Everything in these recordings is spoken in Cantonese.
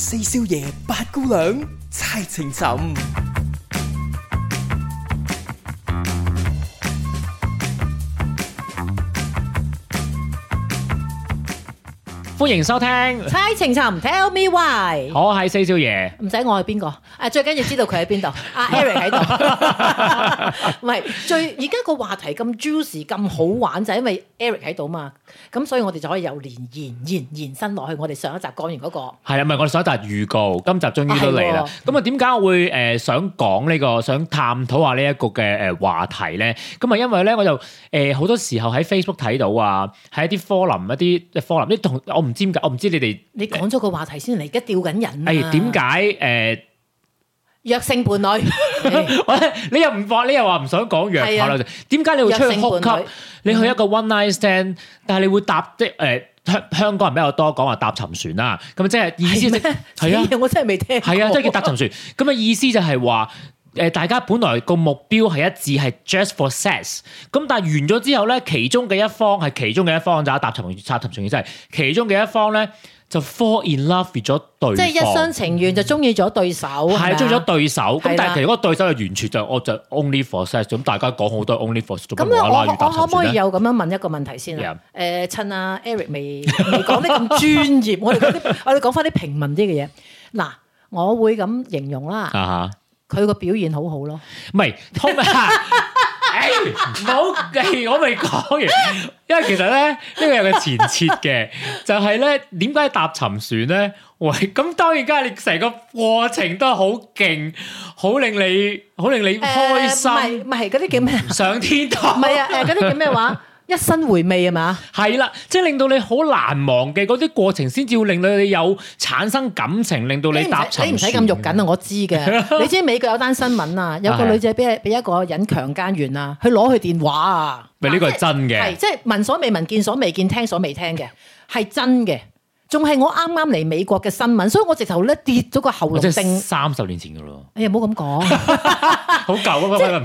四少爺，八姑娘，猜情尋，歡迎收聽猜情尋。Tell me why，我係四少爺，唔使我係邊個？誒，最緊要知道佢喺邊度？阿 Eric 喺度，唔係最而家個話題咁 juicy 咁好玩，就係因為 Eric 喺度嘛。咁所以我哋就可以又連延延延伸落去。我哋上一集講完嗰個係啊，唔係我哋上一集預告，今集終於都嚟啦。咁啊，點解我會誒想講呢個，想探討下呢一個嘅誒話題咧？咁啊，因為咧，我就誒好多時候喺 Facebook 睇到啊，喺一啲 forum 一啲 forum 啲同我唔知點解，我唔知你哋你講咗個話題先嚟，而家釣緊人。誒點解誒？約性伴侶， 你又唔放，你又話唔想講約性啦？點解你會出去呼吸？Club, 你去一個 one night stand，嗯、但係你會搭即誒、呃，香港人比較多講話搭沉船啦、啊。咁即係意思即係，我真係未聽過。係啊，即、就、係、是、叫搭沉船。咁嘅意思就係話，誒，大家本來個目標係一致，係 just for sex。咁但係完咗之後咧，其中嘅一方係其中嘅一方咋、就是？搭沉船，搭沉船，即係其中嘅一方咧。就 fall in love w 咗對，即係一廂情願就中意咗對手。係中意咗對手，咁但係其實嗰個對手係完全就我就 only for sex，咁大家講好多 only for sex 咁啦。咁我可唔可以有咁樣問一個問題先啊？趁阿 Eric 未未講得咁專業，我哋講啲我哋講翻啲平民啲嘅嘢。嗱，我會咁形容啦，佢個表現好好咯，唔係誒，唔好，哎哎，我未講完，因為其實咧呢個有個前設嘅，就係咧點解搭沉船咧？喂，咁當然家係你成個過程都係好勁，好令你，好令你開心，唔係唔係嗰啲叫咩？上天堂？唔係啊，誒、呃，嗰啲叫咩話？ 一身回味啊嘛，係啦，即係令到你好難忘嘅嗰啲過程，先至會令到你有產生感情，令到你搭沉船。你唔使咁肉緊啊！我知嘅， 你知美國有單新聞啊，有個女仔俾俾一個人強姦完啊，去攞佢電話啊。咪呢個係真嘅，係即係聞所未聞、見所未見、聽所未聽嘅，係真嘅。仲係我啱啱嚟美國嘅新聞，所以我直頭咧跌咗個喉嚨定三十年前㗎咯。哎呀，唔好咁講， 好舊啊！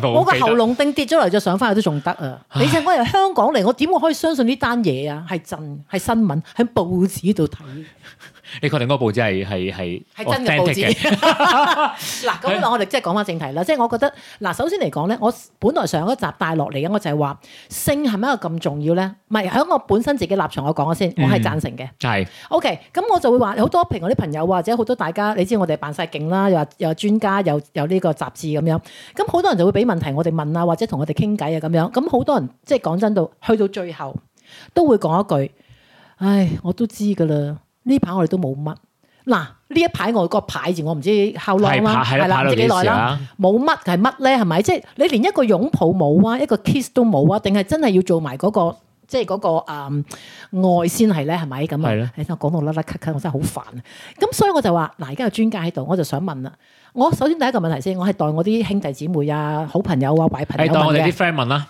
我個喉嚨定跌咗嚟，再上返去都仲得啊！而且唉我由香港嚟，我點會可以相信呢單嘢啊？係真，係新聞喺報紙度睇。 你確定嗰報紙係係係真嘅 報紙？嗱， 咁我哋即係講翻正題啦，即係我覺得嗱，首先嚟講咧，我本來上一集，帶落嚟嘅，我就係話性係咪一個咁重要咧？唔係喺我本身自己立場我，我講咗先，我係贊成嘅。係、嗯就是、OK，咁我就會話好多譬如我啲朋友，或者好多大家，你知我哋扮晒勁啦，又話又專家，又有呢個雜誌咁樣，咁好多人就會俾問題我哋問啊，或者同我哋傾偈啊咁樣，咁好多人即係講真到去到最後都會講一句，唉，我都知噶啦。呢排我哋都冇乜，嗱、啊、呢一排我個牌子我唔知是後來來啦，係啦唔知幾耐啦，冇乜係乜咧？係咪？即係你連一個擁抱冇啊，一個 kiss 都冇啊？定係真係要做埋、那、嗰個即係嗰、那個誒、呃、愛先係咧？係咪咁？係講到甩甩咳咳，我真係好煩啊！咁所以我就話嗱，而家有專家喺度，我就想問啦。我首先第一個問題先，我係代我啲兄弟姊妹啊、好朋友啊、壞朋友嘅。代我哋啲 friend 問啦。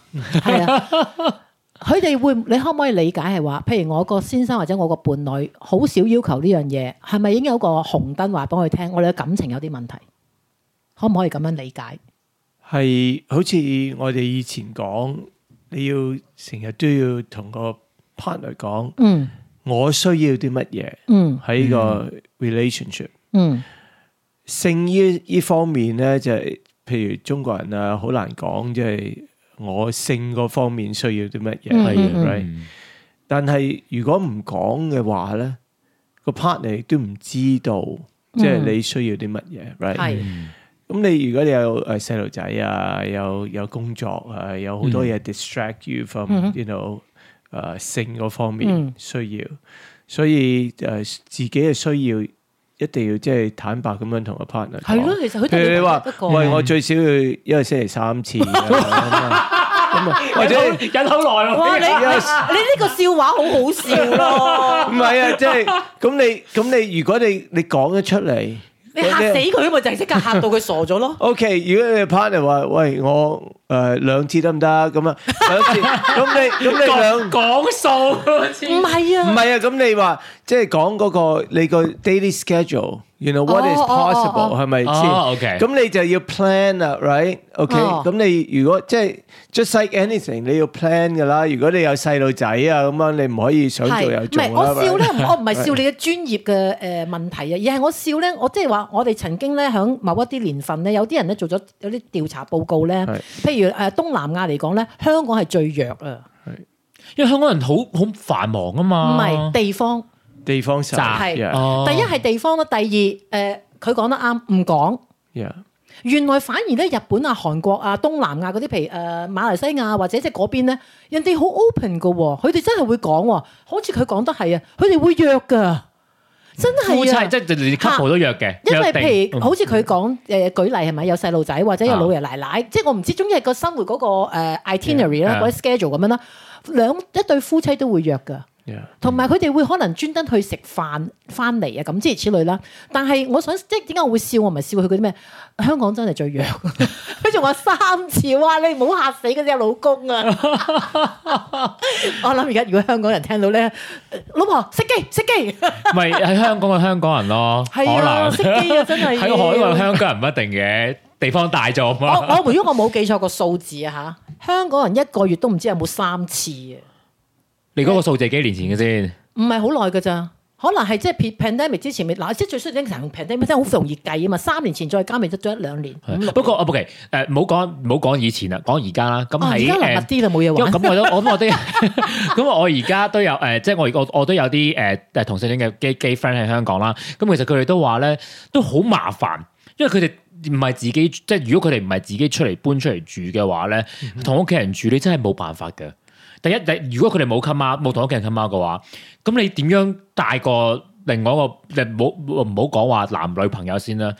佢哋會，你可唔可以理解係話，譬如我個先生或者我個伴侶，好少要求呢樣嘢，係咪已經有個紅燈話俾我哋聽，我哋嘅感情有啲問題，可唔可以咁樣理解？係好似我哋以前講，你要成日都要同個 partner 講、嗯，嗯，我需要啲乜嘢，嗯，喺呢個 relationship，嗯，性於呢方面咧，就係、是、譬如中國人啊，好難講、就是，即係。我性嗰方面需要啲乜嘢？係 right 但係如果唔講嘅話咧，個 partner 都唔知道，mm hmm. 即係你需要啲乜嘢，right？係、mm。咁、hmm. 你如果你有誒細路仔啊，有有工作啊，有好多嘢 distract you from，you、mm hmm. know，誒、呃、性嗰方面需要，mm hmm. 所以誒、呃、自己嘅需要。一定要即係坦白咁樣同個 partner，係咯，其實的譬如你話，喂，的我最少要一個星期三次，咁個啊，或者忍好耐咯。哇，你你呢個笑話好好笑咯，唔係 啊，即係，咁你咁你，如果你你講咗出嚟。你嚇死佢啊嘛，就係、是、即刻嚇到佢傻咗咯。 OK，如果你嘅 partner 話，喂，我誒、呃、兩次得唔得？咁啊，兩次。咁 你咁你講，兩講數，唔係啊，唔係啊。咁你話即係講嗰個你個 daily schedule，You know what is possible 係咪先？咁、oh, okay，咁你就要 plan 啊，right？OK？咁你如果即係 just like anything，你要 plan 噶啦。如果你有細路仔啊咁樣，你唔可以想做又做啦。唔係我笑咧，我唔係笑你嘅專業嘅誒問題啊，而係我笑咧，我即係話我哋曾經咧響某一啲年份咧，有啲人咧做咗有啲調查報告咧，是譬如誒東南亞嚟講咧，香港係最弱啊。因為香港人好好繁忙啊嘛，唔係地方。地方就係第一係地方啦，第二誒佢講得啱唔講，原來反而咧日本啊、韓國啊、東南亞嗰啲譬如誒馬來西亞或者即係嗰邊咧，人哋好 open 噶喎，佢哋真係會講，好似佢講得係啊，佢哋會約嘅，真係夫妻即係連 couple 都約嘅，因為譬如好似佢講誒舉例係咪有細路仔或者有老爺奶奶，即係我唔知中意個生活嗰個 itinerary 啦，嗰啲 schedule 咁樣啦，兩一對夫妻都會約嘅。同埋佢哋會可能會專登去食飯翻嚟啊，咁即如此類啦。但係我想，即係點解我會笑？我唔係笑佢嗰啲咩？香港真係最弱。佢仲話三次，哇！你唔好嚇死嗰隻老公啊！ 我諗而家如果香港人聽到咧，老婆熄機，熄機。咪喺 香港嘅香港人咯，係啊，熄機能啊，真係喺海外香港人唔一定嘅地方大咗。 我如果我唔喐，我冇記錯個數字啊嚇！香港人一個月都唔知有冇三次啊！你嗰個數字係幾年前嘅先？唔係好耐噶咋，可能係即係 pandemic 之前咪嗱，即係最衰啲人用 pandemic 真係好容易計啊嘛！三年前再加，咪得咗一兩年。不過啊 okay 誒，唔好講唔好講以前啦，講而家啦。咁喺而家靈活啲啦，冇嘢、啊。咁在我都我我都咁我而家 都有誒、呃，即係我我我都有啲誒誒同性戀嘅 gay friend 喺香港啦。咁其實佢哋都話咧，都好麻煩，因為佢哋唔係自己即係如果佢哋唔係自己出嚟搬出嚟住嘅話咧，同屋企人住你真係冇辦法嘅。第一，第如果佢哋冇親媽，冇同屋企人親媽嘅話，咁你點樣帶個另外一個，你唔好唔好講話男女朋友先啦？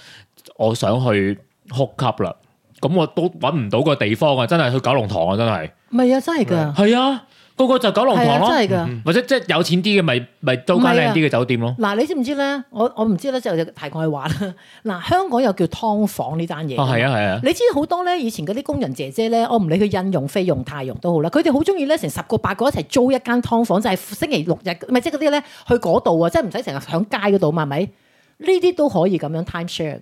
我想去 hook up 啦，咁我都揾唔到個地方啊！真係去九龍塘啊，真係。唔係啊，真係噶。係啊。嗰個，個就九龍塘咯，或者、啊嗯、即係有錢啲嘅咪咪租間靚啲嘅酒店咯。嗱，你知唔知咧？我我唔知咧，就提過去話啦。嗱，香港又叫劏房呢單嘢。哦，係啊，係啊。你知好多咧，以前嗰啲工人姐姐咧，我唔理佢印用、菲用、泰用都好啦，佢哋好中意咧，成十個八個一齊租一間劏房，就係、是、星期六日，咪即嗰啲咧去嗰度啊，即係唔使成日喺街嗰度嘛，係咪？呢啲都可以咁樣 time share 嘅。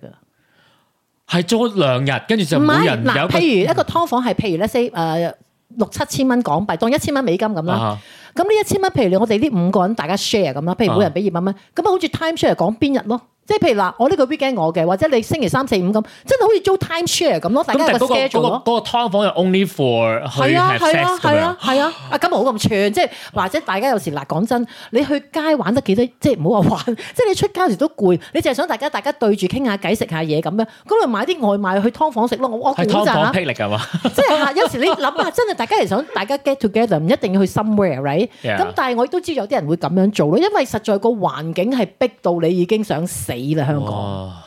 係租兩日，跟住就冇人有。嗱，譬如一個劏房係，譬如咧 s、呃呃六七千蚊港幣當一千蚊美金咁啦，咁呢、uh huh. 一千蚊，譬如我哋呢五個人大家 share 咁啦，譬如每人俾二百蚊，咁啊、uh huh. 好似 time share 講邊日咯。即係譬如嗱，我呢個 weekend 我嘅，或者你星期三四五咁，真係好似租 time share 咁咯，大家個 schedule 咯。咁但係嗰個嗰個湯房又 only for 去 have sex 咁樣。係啊係啊係啊係啊，啊咁冇咁串，即係或者大家有時嗱，講真，你去街玩得幾多？即係唔好話玩，即係你出街有時都攰，你就係想大家大家對住傾下偈、食下嘢咁樣，咁咪買啲外賣去湯房食咯。我我唓。湯房劈力係嘛？即係嚇，有時你諗下，真係大家係想大家 get together，唔一定要去 somewhere，right？咁但係我亦都知道有啲人會咁樣做咯，因為實在個環境係逼到你已經想死。死啦香港，哇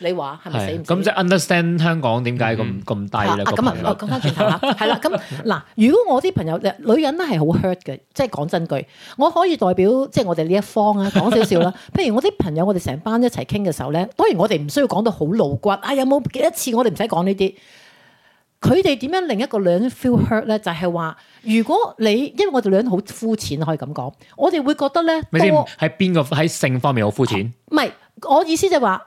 你話係咪死唔死？咁即係 understand 香港點解咁咁低咧？咁啊，講返轉頭啦，係啦， 咁嗱，如果我啲朋友，女人咧係好 hurt 嘅，即係講真句，我可以代表即係、就是、我哋呢一方啊，講少少啦。譬如我啲朋友，我哋成班一齊傾嘅時候咧，當然我哋唔需要講到好露骨啊。有冇幾多次我哋唔使講呢啲？佢哋點樣令一個女人 feel hurt 咧？就係、是、話，如果你因為我哋女人好膚淺，可以咁講，我哋會覺得咧，係邊個喺性方面好膚淺？我意思就係話，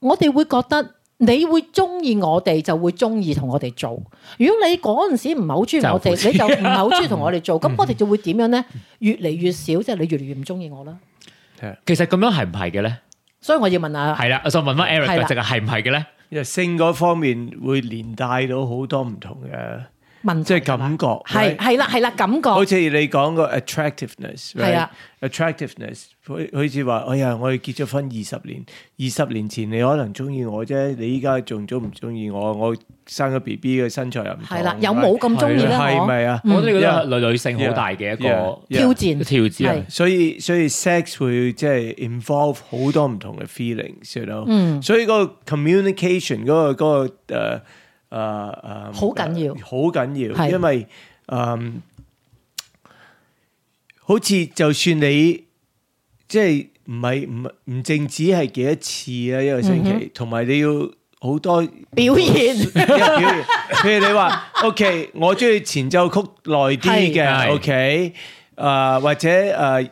我哋會覺得你會中意我哋，就會中意同我哋做。如果你嗰陣時唔係好中意我哋，你就唔係好中意同我哋做。咁我哋就會點樣咧？越嚟越少，即係你越嚟越唔中意我啦。其實咁樣係唔係嘅咧？所以我要問下，係啦，我想問翻 Eric，即係係唔係嘅咧？因為性嗰方面會連帶到好多唔同嘅。即係感覺，係係啦係啦，感覺。好似你講個 attractiveness 係啊，attractiveness，佢佢好似話：哎呀，我哋結咗婚二十年，二十年前你可能中意我啫，你依家仲中唔中意我？我生咗 B B 嘅身材又唔同。係啦，有冇咁中意咧？我係咪啊？我哋覺得係女性好大嘅一個挑戰，挑戰。所以所以 sex 會即係 involve 好多唔同嘅 feelings，you know。所以個 communication 嗰個嗰個。誒誒，好緊、uh, um, 要，好緊、呃、要，的因為誒，um, 好似就算你即係唔係唔唔淨止係幾多次啊一個星期，同埋、嗯、哼你要好多表現現，譬如你話 ，OK，我中意前奏曲耐啲嘅，OK，誒、uh, 或者誒。Uh,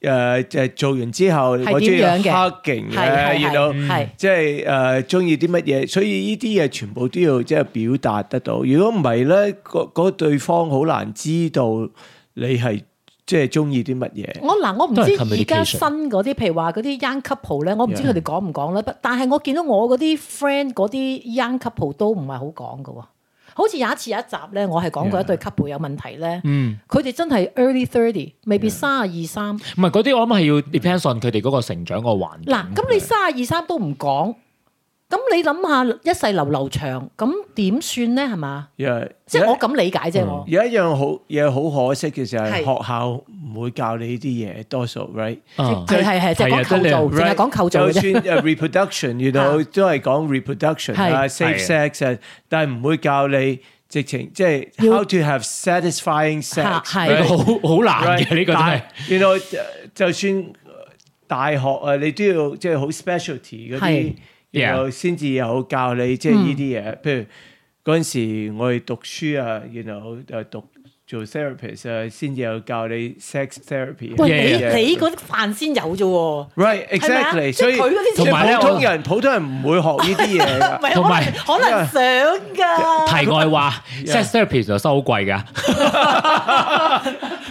誒，即係、呃、做完之後，樣我中意 hugging 嘅，即係誒，中意啲乜嘢，所以呢啲嘢全部都要即係表達得到。如果唔係咧，嗰嗰對方好難知道你係即係中意啲乜嘢。我嗱，我唔知而家新嗰啲，譬如話嗰啲 young couple 咧，Yeah. 我唔知佢哋講唔講咧。但係我見到我嗰啲 friend 嗰啲 young couple 都唔係好講噶。好似有一次有一集咧，我係講過一對 couple 有問題咧，佢哋 Yeah. 真係 early thirty，maybe 三廿二三。唔係嗰啲，我諗係要 depend on 佢哋嗰個成長、嗰個環境。嗱，咁你三廿二三都唔講。咁你諗下一世流流長，咁點算咧？係嘛？即係我咁理解啫。有一樣好嘢，好可惜嘅就係學校唔會教你呢啲嘢，多數 right。係係係，淨係講構造，淨係講構造啫。就算 reproduction，原來都係講 reproduction，啊，safe sex，但係唔會教你直情即係 how to have satisfying sex，係好好難嘅呢個，但係原來就算大學啊，你都要即係好 specialty 嗰啲。然後先至有教你即係呢啲嘢，就是嗯、譬如嗰陣時我哋讀書啊，然後誒讀。做 therapist 啊，先至有教你 sex therapy 嘅嘢嘅。你你嗰啲飯先有啫喎。Right, exactly。所以同埋咧，普通人普通人唔會學呢啲嘢嘅。同埋可能想㗎。題外話，sex therapist 又收好貴㗎。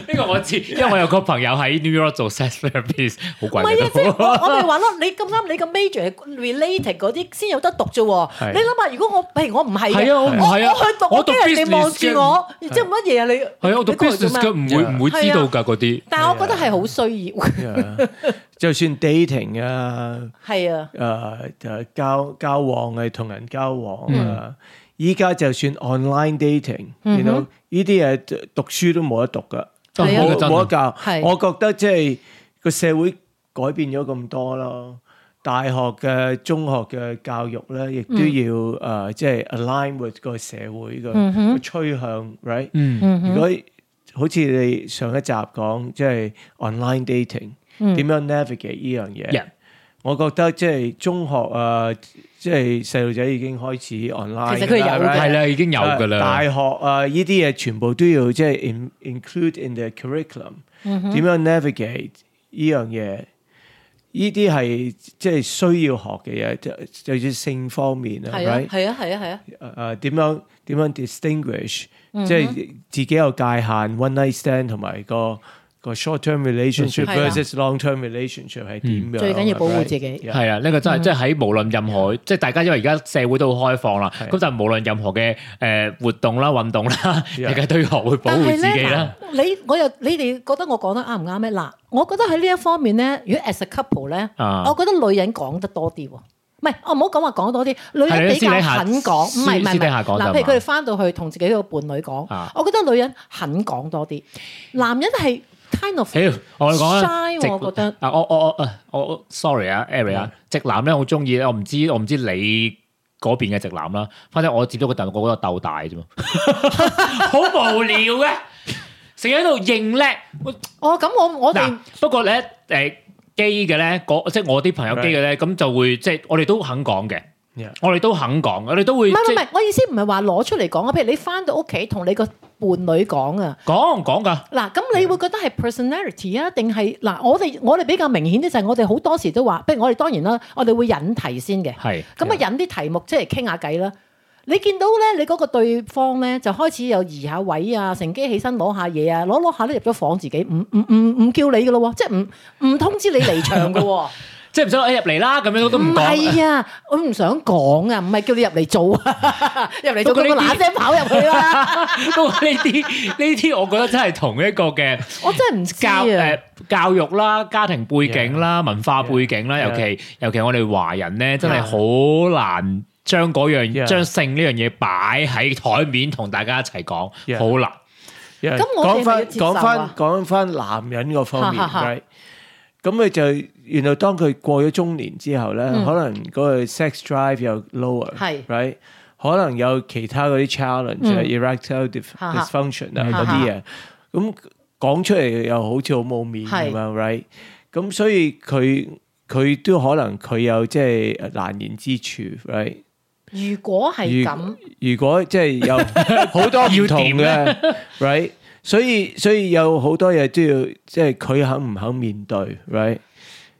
呢個我知，因為我有個朋友喺 New York 做 sex therapist，好貴。唔係啊，即係我我咪話咯，你咁啱你個 major 係 related 嗰啲先有得讀啫喎。你諗下，如果我譬如我唔係嘅，我我去讀我讀，人哋望住我，然之後乜嘢啊你？係啊， 我讀 business 嘅，唔會唔會知道噶嗰啲。但係我覺得係好需要，嘅。 就算 dating 啊，係對啊，誒，就係交交往，係同人交往啊。依家、嗯、就算 online dating，、嗯、哼知道呢啲嘢讀書都冇得讀噶，冇冇得教。係是，我覺得即係個社會改變咗咁多咯。大學嘅、中學嘅教育咧，亦都要誒，即係 align with 個社會嘅趨、嗯、哼向，right？、嗯、如果好似你上一集講，即、就、係、是、online dating，點、嗯、樣 navigate 呢樣嘢？嗯、我覺得即係、就是、中學啊，即係細路仔已經開始 online 嘅啦，係啦 right?，已經有㗎啦、呃。大學啊，呢啲嘢全部都要即係 include in the curriculum，點樣 navigate 呢樣嘢？呢啲係即係需要學嘅嘢，就就係、啲性方面啊，係咪？係啊係啊係啊，誒點、啊啊呃、樣點樣 distinguish，即係、嗯、哼自己有界限，one night stand 同埋個。個 short-term relationship versus long-term relationship 係點嘅？最緊要保護自己。係啊，呢個真係即係喺無論任何即係大家因為而家社會都開放啦，咁就無論任何嘅誒活動啦、運動啦，大家都要學會保護自己啦。你我又你哋覺得我講得啱唔啱咧？嗱，我覺得喺呢一方面咧，如果 as a couple 咧，我覺得女人講得多啲喎，唔係我唔好講話講多啲，女人比較肯講，唔係唔係唔係，私底下講，嗱，譬如佢哋翻到去同自己個伴侶講，我覺得女人肯講多啲，男人係。kind of，我嚟講啊，嘥我覺得啊，我我我我，我 sorry 啊，Eric 啊，直男咧好中意咧，我唔知我唔知你嗰邊嘅直男啦，反正我接咗個大陸，我覺得鬥大啫嘛，好無聊嘅，成日喺度認叻，我咁我我哋不過咧誒基嘅咧，嗰即係我啲朋友基嘅咧，咁就會即係我哋都肯講嘅。Yeah. 我哋都肯講，我哋都會。唔係唔係，即我意思唔係話攞出嚟講啊！譬如你翻到屋企，同你個伴侶講啊。講唔講㗎？嗱，咁你會覺得係 personality 啊，定係嗱？我哋我哋比較明顯啲就係我哋好多時都話，不如我哋當然啦，我哋會引題先嘅。係是。咁啊，引啲題目即係傾下偈啦。你見到咧，你嗰個對方咧就開始又移下位啊，乘機起身攞下嘢啊，攞攞下都入咗房，自己唔唔唔唔叫你㗎咯喎，即係唔唔通知你離場㗎喎，啊。 即係唔想入嚟啦，咁樣我都唔講。唔係啊，我唔想講啊，唔係叫你入嚟做，入嚟做咁我冷聲跑入去啦。咁呢啲呢啲，我覺得真係同一個嘅。我真係唔教誒，教育啦，家庭背景啦，文化背景啦，尤其尤其我哋華人咧，真係好難將嗰樣將性呢樣嘢擺喺台面同大家一齊講，好難。咁講翻講翻講翻男人嗰方面，咁咪就。原來當佢過咗中年之後咧，嗯、可能嗰個 sex drive 又 lower，係是，right？可能有其他嗰啲 challenge，erectile、嗯、dysfunction 啊嗰啲嘢，咁講哈、嗯、出嚟又好似好冇面咁樣是，right？咁所以佢佢都可能佢有即係、就是、難言之處，right？如果係咁，如果即係、就是、有好多同 要同夠嘅了，right？所以所以，所以有好多嘢都要即係佢肯唔肯面對，right？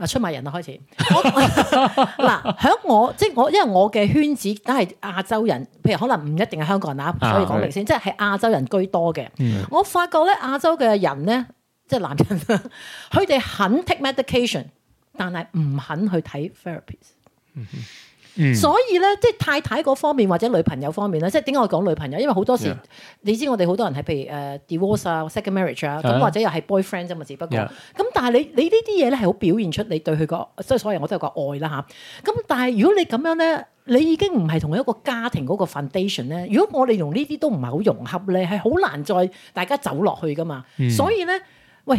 啊！出賣人啊，開始嗱，喺我， 我即係我，因為我嘅圈子都係亞洲人，譬如可能唔一定係香港人啦，所以講明先，啊、即係係亞洲人居多嘅。嗯、我發覺咧，亞洲嘅人咧，即係男人，佢哋肯 take medication，但係唔肯去睇 therapies、嗯嗯、所以咧，即係太太嗰方面或者女朋友方面咧，即係點解我講女朋友？因為好多時 Yeah. 你知我哋好多人係譬如誒、uh, divorce 啊、second marriage 啊，咁或者又係 boyfriend 啫嘛，只不過咁。Yeah. 但係你你呢啲嘢咧，係好表現出你對佢個即係所有我都有個愛啦吓。咁但係如果你咁樣咧，你已經唔係同一個家庭嗰個 foundation 咧。如果我哋用呢啲都唔係好融合咧，係好難再大家走落去噶嘛。嗯、所以咧，喂。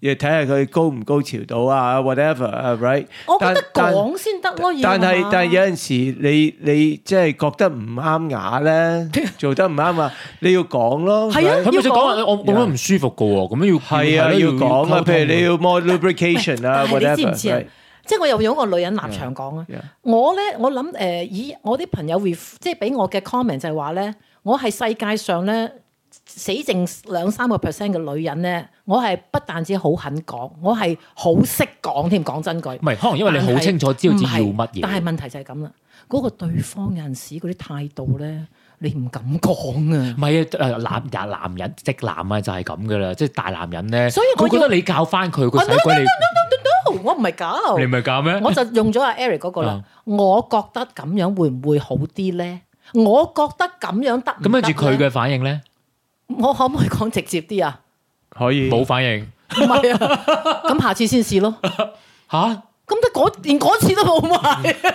要睇下佢高唔高潮到啊，whatever，right？我覺得講先得咯，要。但係但係有陣時你你即係覺得唔啱，雅咧，做得唔啱啊，你要講咯。係啊，咁要講啊，我我唔舒服噶喎，咁樣要係啊，要講啊。譬如你要 mo lubrication 啊，whatever。或者你知唔知啊？即係我又用一個女人立場講啊。我咧我諗誒，以我啲朋友會即係俾我嘅 comment 就係話咧，我係世界上咧。死剩兩三個 percent 嘅女人咧，我係不但止好肯講，我係好識講添。講真句，唔係可能因為你好清楚知道自己要乜嘢，但係問題就係咁啦。嗰個對方有陣時嗰啲態度咧，你唔敢講啊。唔係啊，男啊男人直男啊就係咁噶啦，即係大男人咧。所以我覺得你教翻佢個死鬼，你 no no no no no，我唔係教。你唔係教咩？我就用咗阿 Eric 嗰個啦。我覺得咁樣會唔會好啲咧？我覺得咁樣得唔得咧？咁跟住佢嘅反應咧？我可唔可以講直接啲啊？可以，冇反應。唔係啊，咁下次先試咯。吓、啊，咁得嗰連嗰次都冇埋。嗯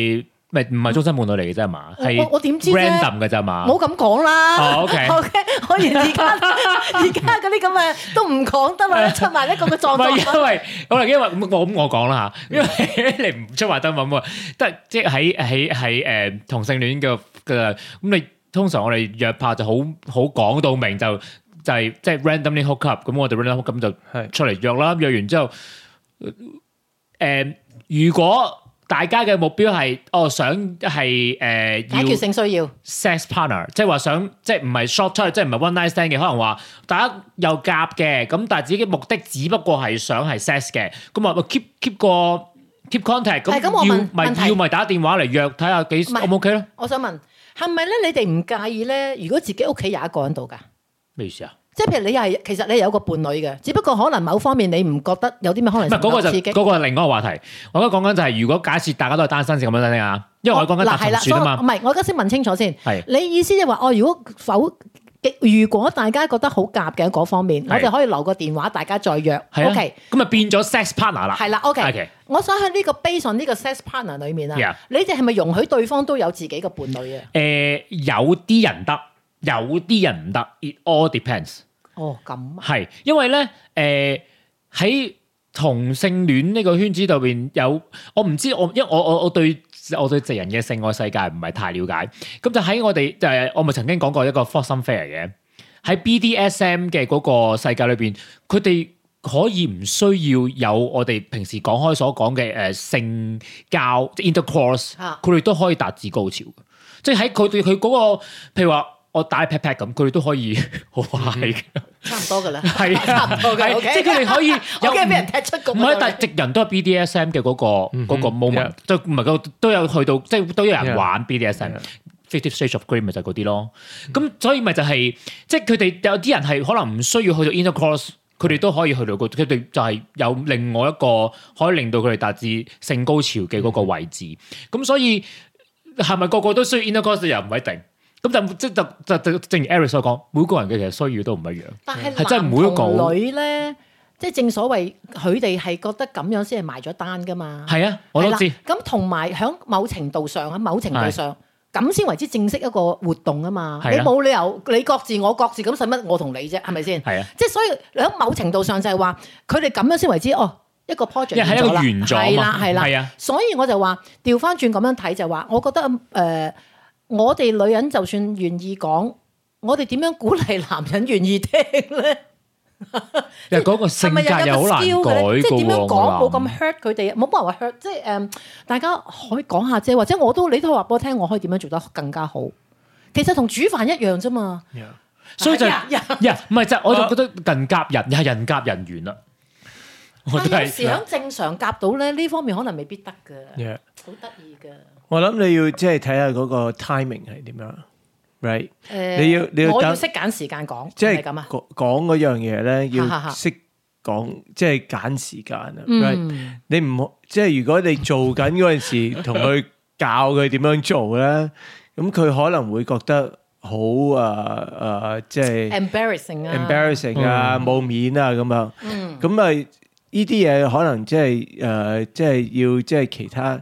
唔係唔係終身伴侶嚟嘅啫嘛，係我點知咧？random 㗎咋嘛，唔好咁講啦。OK OK，我連而家而家嗰啲咁嘅都唔講得嘛，出埋一個個撞撞。唔係因為我因為我咁我講啦吓，因為你唔出話得咁，即係喺喺喺誒同性戀嘅嘅咁，你通常我哋約拍就好好講到明就就係即係 randomly hook up，咁我哋 randomly hook up 就出嚟約啦，約完之後誒如果。大家嘅目標係哦想係誒解決性需要 sex partner，即係話想即係唔係 short term，即係唔係 one night stand 嘅，可能話大家又夾嘅，咁但係自己目的只不過係想係 sex 嘅，咁咪咪 keep keep 個 keep contact 咁，要咪要咪打電話嚟約睇下幾 OK 唔 OK 咧？我想問係咪咧？你哋唔介意咧？如果自己屋企有一個人度㗎咩意思啊？即係譬如你係，其實你有個伴侶嘅，只不過可能某方面你唔覺得有啲咩可能唔嗰個就嗰、那個係另外一個話題。我而家講緊就係如果假設大家都係單身先咁樣先啊，因為我而家講緊搭沉船啊嘛。唔係、啊，我而家先問清楚先。係的你意思就話哦？如果否，如果大家覺得好夾嘅嗰方面，的我哋可以留個電話，大家再約。係 ok 咁啊變咗 sex partner 啦。係啦。O K。我想喺呢、這個 based on 呢個 sex partner 裏面啊，的你哋係咪容許對方都有自己嘅伴侶啊？誒、嗯呃，有啲人得。有啲人唔得，It all depends。哦，咁係，因為咧，誒、呃、喺同性戀呢個圈子裏邊有，我唔知我，因為我我我對我對直人嘅性愛世界唔係太了解。咁就喺我哋，就係我咪曾經講過一個福心飛嚟嘅。喺 BDSM 嘅嗰個世界裏邊，佢哋可以唔需要有我哋平時講開所講嘅誒性交，即 intercourse，佢哋、啊、都可以達至高潮。即係喺佢佢嗰個，譬如話。我打大劈劈咁，佢哋都可以好 high，差唔多噶啦，係，即係佢哋可以，有跟住俾人踢出咁。唔但係直人都係 BDSM 嘅嗰個個 moment，都唔係都都有去到，即係都有人玩 BDSM Fifty Shades of Grey 咪就係嗰啲咯。咁所以咪就係，即係佢哋有啲人係可能唔需要去到 Intercourse，佢哋都可以去到佢哋就係有另外一個可以令到佢哋達至性高潮嘅嗰個位置。咁所以係咪個個都需要 Intercourse 又唔一定？咁就即就就正如 Eric 所講，每個人嘅其實需要都唔一樣。但係男同女咧，即係正所謂，佢哋係覺得咁樣先係埋咗單㗎嘛。係啊，我都知、啊。咁同埋喺某程度上，喺某程度上，咁先是、啊、為之正式一個活動啊嘛。是啊你冇理由你各自我各自咁，使乜我同你啫？係咪先？係是啊。即係所以，喺某程度上就係話，佢哋咁樣先為之哦一個 project。因為係一個完整。係啦、啊，係啦、啊。係啊，啊，啊所。所以我就話調翻轉咁樣睇就話，我覺得誒。呃我哋女人就算願意講，我哋點樣鼓勵男人願意聽咧？因嗰個性格又好難改，即係點樣講冇咁 hurt 佢哋，冇冇人話 hurt，即係誒，大家可以講下啫，或者我都你都可以話俾我聽，我可以點樣做得更加好。其實同煮飯一樣啫嘛，所以就又唔係就我就覺得人夾人又係人夾人緣啦。但係想正常夾到咧呢方面可能未必得噶，好得意噶。我諗你要即係睇下嗰個 timing 係點樣，right？你要你要我要識揀時間講，即係咁啊，講嗰樣嘢咧要識講，即係揀時間啊。right？你唔好即係如果你做緊嗰陣時，同佢教佢點樣做咧，咁佢可能會覺得好啊啊，即係 embarrassing 啊，embarrassing 啊，冇面啊咁樣。咁啊，呢啲嘢可能即係誒，即係要即係其他。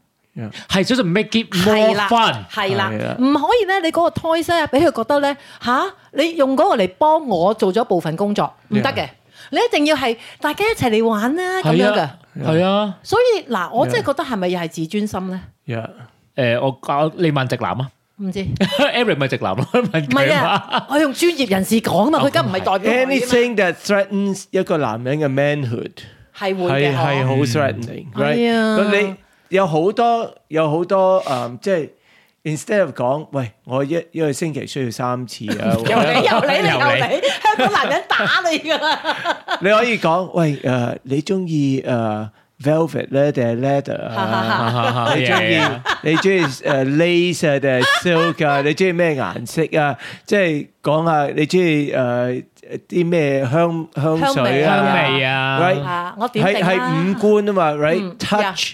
係，所以 make it more fun，係啦，唔可以咧。你嗰個 toy 咧，俾佢覺得咧，吓你用嗰個嚟幫我做咗部分工作，唔得嘅。你一定要係大家一齊嚟玩啦，咁樣嘅。係啊，所以嗱，我真係覺得係咪又係自尊心咧？誒，我講你問直男啊？唔知，Eric 咪直男咯？唔係啊，我用專業人士講嘛，佢而家唔係代表。Anything that threatens 一個男人嘅 manhood，係會係係好 threatening。咁你。有好多有好多誒，即係 instead of 講，喂，我一一個星期需要三次啊！由你由你你由你，香港男人打你噶啦！你可以講喂誒，你中意誒 velvet 咧定係 leather 啊？你中意你中意誒 lace 啊定係 silk 啊？你中意咩顏色啊？即係講下你中意誒啲咩香香水啊？味啊！Right，我點定啦？係五官啊嘛，right touch。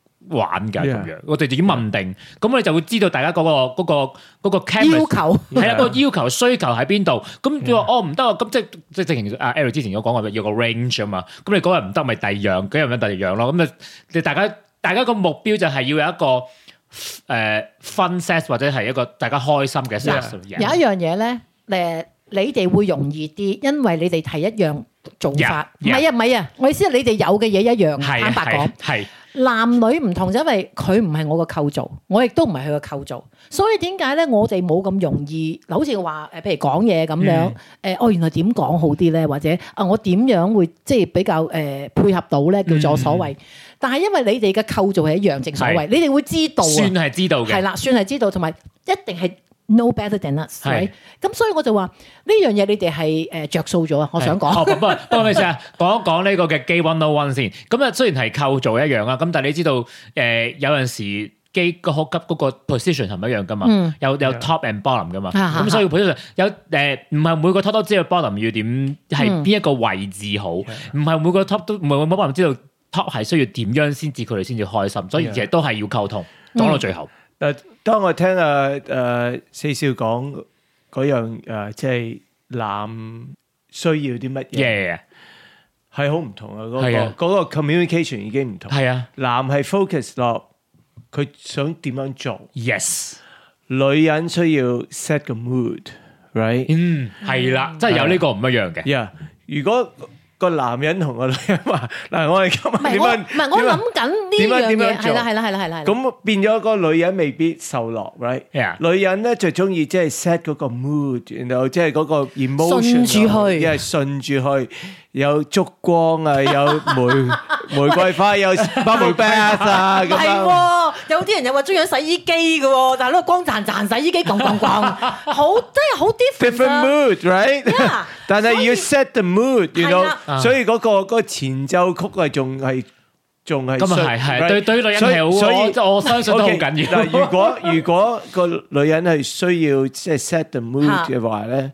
玩㗎咁樣，我哋自己問定，咁我哋就會知道大家嗰個嗰個嗰個要求，係啊嗰個要求需求喺邊度。咁你話哦唔得，咁即即即係正如阿 Eric 之前講過要個 range 啊嘛。咁你嗰日唔得，咪第二樣，嗰日咪第二樣咯。咁就大家大家個目標就係要有一個誒 fun set 或者係一個大家開心嘅 set。有一樣嘢咧，誒你哋會容易啲，因為你哋係一樣做法。唔係啊，唔係啊，我意思係你哋有嘅嘢一樣，坦白講係。男女唔同就因為佢唔係我個構造，我亦都唔係佢個構造，所以點解咧？我哋冇咁容易，好似話誒，譬如講嘢咁樣，誒，嗯、哦，原來點講好啲咧？或者啊、哦，我點樣會即係比較誒、呃、配合到咧？叫做所謂，嗯、但係因為你哋嘅構造係一樣，正所謂，是你哋會知道，算知道，算係知道嘅，係啦，算係知道，同埋一定係。No better than us、right? 是。係。咁所以我就話呢樣嘢，你哋係誒着數咗啊！我想講、哦。不咁啊，幫你先講一講呢個嘅 Gay 101先。咁啊，雖然係構造一樣啊，咁但係你知道誒、呃，有陣時 gay 個呼吸嗰個 position 係唔一樣噶嘛。有有 top and bottom 噶嘛。啊咁的所以，position 有誒，唔、呃、係每個 top 都知道 bottom 要點，係邊一個位置好。唔係的每個 top 都唔係冇冇冇知道 top 係需要點樣先至佢哋先至開心，所以亦都係要溝通。講到最後。誒，當我聽阿誒四少講嗰樣誒，即係男需要啲乜嘢，係好唔同啊！嗰個嗰個 communication 已經唔同。係啊，男係 focus 落佢想點樣做。Yes，女人需要 set 個 mood，right？嗯，係啦，即係有呢個唔一樣嘅。Yeah，如果個男人同個女人話：嗱，我哋今日點樣？唔係我諗緊呢樣嘢，係啦，係啦，係啦，係啦。咁變咗個女人未必受落，right？女人咧最中意即係 set 嗰個 mood，然後即係嗰個 emotion，一係順住去。有燭光啊，有玫玫瑰花，有 bubble bath 啊，係，有啲人又話中意洗洗衣機嘅，但係都光賺賺洗衣機，逛逛逛，好真係好啲 feel。Different mood，right？但係要 set the mood，you know。所以嗰個個前奏曲係仲係仲係咁啊，係係對對女人係好，所以我相信都好緊要。如果如果個女人係需要 set the mood 嘅話咧。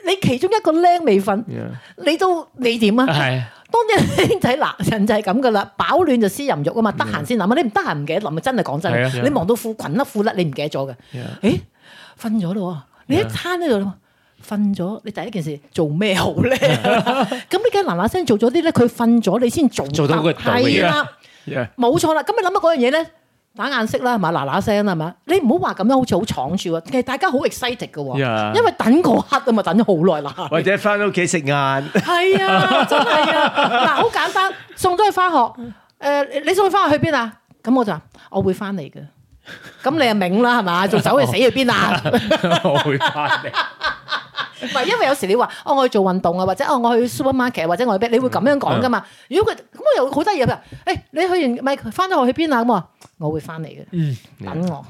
你其中一個僆未瞓，你都你點啊？當日僆仔嗱人就係咁噶啦，飽暖就思淫欲啊嘛，得閒先諗啊！你唔得閒唔記得諗啊！真係講真，你忙到褲裙甩褲甩，你唔記得咗嘅。哎，瞓咗咯喎！你一餐喺度瞓咗，你第一件事做咩好咧？咁你梗嗱嗱聲做咗啲咧，佢瞓咗你先做。做到個度，係啦，冇錯啦。咁你諗下嗰樣嘢咧？打眼色啦，係嘛，嗱嗱聲啦，係嘛？你唔好話咁樣，好似好倉住啊！其實大家好 excited 嘅，Yeah. 因為等嗰刻啊嘛，等咗好耐啦。或者翻屋企食晏。係啊，真係啊！嗱、 啊，好簡單送咗去翻學。誒、呃，你送佢翻學去邊啊？咁、嗯嗯嗯、我就話我會翻嚟嘅。咁你啊明啦，係嘛？做走嘅死去邊啊？我會翻嚟。唔、嗯、係， 因為有時你話哦，我去做運動啊，或者哦，我去 supermarket，或者我去邊？你會咁樣講噶嘛？如果佢咁，我又好得意啊！誒、欸，你去完咪翻咗學去邊啊？咁我會翻嚟嘅，等我。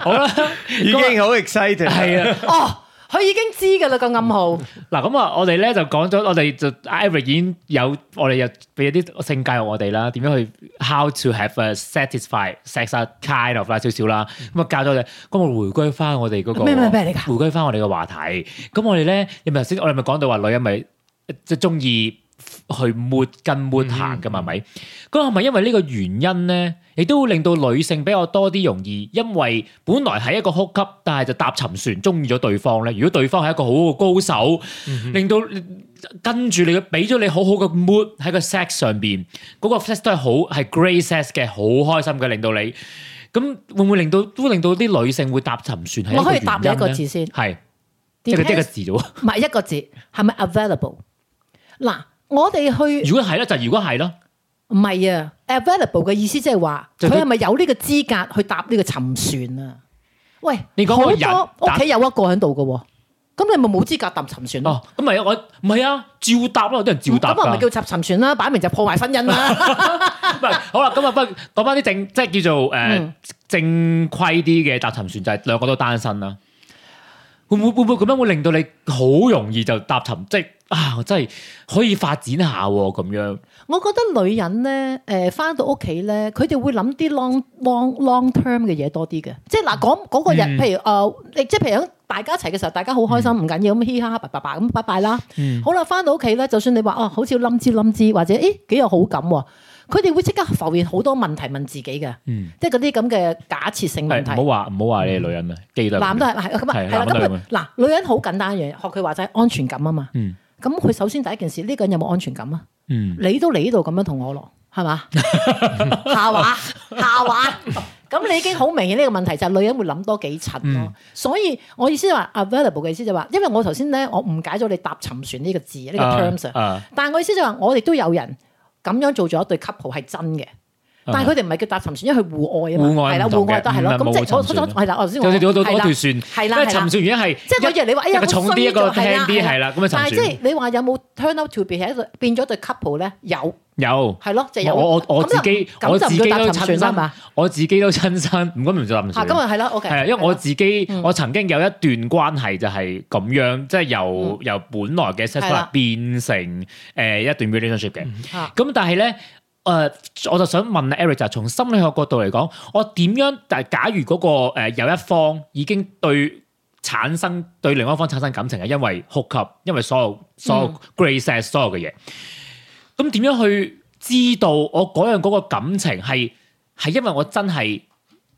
好啦，已經好 excited，係啊。哦，佢已經知噶啦個暗號。嗱，咁啊，我哋咧就講咗，我哋就 Eve 已經有我哋又俾一啲性教育我哋啦，點樣去 How to have a satisfied sex life 少少啦。咁啊教咗我哋，咁我回歸翻我哋嗰個咩咩咩嚟噶？回歸翻我哋個話題。咁我哋咧，你咪頭先，我哋咪講到話女人咪即係中意。去抹跟抹行噶，嘛咪咁係咪？嗯、係咪因為呢個原因咧，亦都會令到女性比較多啲容易。因為本來係一個 hook up，但係就搭沉船，中意咗對方咧。如果對方係一個好好嘅高手，嗯、令到跟住你嘅，俾咗你好好嘅 mood 喺個 sex 上邊，嗰、那個 sex 都係好係 great sex 嘅，好開心嘅，令到你咁會唔會令到都令到啲女性會搭沉船？我可以答你一個字先，係即係得一個字啫，唔係一個字係咪 available 嗱、啊？我哋去如果係咧，就如果係咯，唔係啊。available 嘅意思即係話，佢係咪有呢個資格去搭呢個沉船啊？喂，你講我屋企有一個喺度嘅，咁、嗯嗯、你咪冇資格搭沉船、啊、哦，咁咪啊，我唔係啊，照搭咯，都有人照搭噶。咁啊，咪叫搭沉船啦，擺明就破壞婚姻啦、啊。好啦，今日不講翻啲正，即係叫做誒正規啲嘅搭沉船，就係兩個都單身啦。會唔會會唔會咁樣會令到你好容易就搭沉即？啊！真係可以發展下喎，咁樣。我覺得女人咧，誒，翻到屋企咧，佢哋會諗啲 long long long term 嘅嘢多啲嘅。即係嗱，講嗰個日，譬如誒，即係譬如大家一齊嘅時候，大家好開心，唔緊要咁，嘻嘻哈哈、白白白咁，拜拜啦。好啦，翻到屋企咧，就算你話哦，好似冧支冧支，或者誒幾有好感喎，佢哋會即刻浮現好多問題問自己嘅。即係嗰啲咁嘅假設性問題。唔好話唔好話，你係女人啊，記得。男都係，咁啊。係。咁嗱，女人好簡單嘅樣，學佢話就係安全感啊嘛。嗯。咁佢首先第一件事，呢、這個人有冇安全感啊？嗯，你都嚟呢度咁樣同我咯，係嘛？ 下話下話，咁、哦、你已經好明顯呢個問題就係、是、女人會諗多幾層咯、啊。嗯、所以我意思就話，available 嘅意思就話，因為我頭先咧，我誤解咗你搭沉船呢個字呢、這個 terms、啊啊、但係我意思就話，我哋都有人咁樣做咗對 couple 係真嘅。但係佢哋唔係叫搭沉船，因為佢戶外啊嘛，戶外係啦，戶外都係咯。咁即係我我想係啦。首先我係啦，因為沉船原因係即係好似你話，哎呀一個重啲一個輕啲係啦。咁啊沉船。但係即係你話有冇 turn out to be 係一個變咗對 couple 咧？有有係咯，就我我我自己，咁就唔要搭沉船啦嘛。我自己都親身，唔好意思搭沉船。啊，今日係啦，OK。係啊，因為我自己我曾經有一段關係就係咁樣，即係由由本來嘅 sex 變成誒一段 relationship 嘅。咁但係咧。誒，uh, 我就想問 Eric 就係從心理學角度嚟講，我點樣？但係假如嗰個有一方已經對產生對另外一方產生感情，係因為 hook up，因為所有所有 grace sex 所有嘅嘢，咁點、嗯、樣去知道我嗰樣嗰個感情係係因為我真係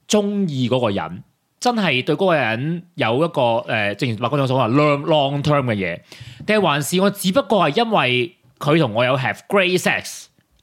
中意嗰個人，真係對嗰個人有一個誒，正如麥冠教授 long long term 嘅嘢，定係還是我只不過係因為佢同我有 have grace sex？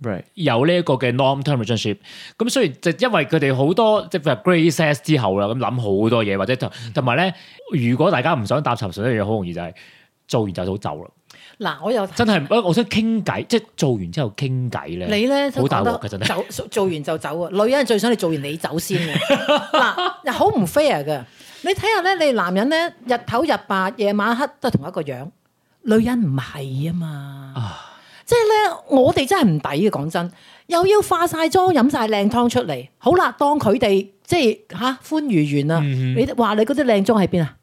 Right. 有呢一個嘅 long-term relationship，咁雖然就因為佢哋好多即係譬如 grey phase 之後啦，咁諗好多嘢，或者同同埋咧，如果大家唔想搭沉船一嘢，好容易就係做完就好走啦。嗱，我又真係，我我想傾偈，即係做完之後傾偈咧。你咧好大鑊㗎，走做完就走啊！女人最想你做完你走先嘅，嗱， 好唔 fair 噶。你睇下咧，你男人咧日頭日白，夜晚黑都係同一個樣，女人唔係啊嘛。即係咧，我哋真係唔抵嘅，講真，又要化晒妝、飲晒靚湯出嚟，好啦，當佢哋即係吓歡愉完啦。你話你嗰啲靚妝喺邊啊？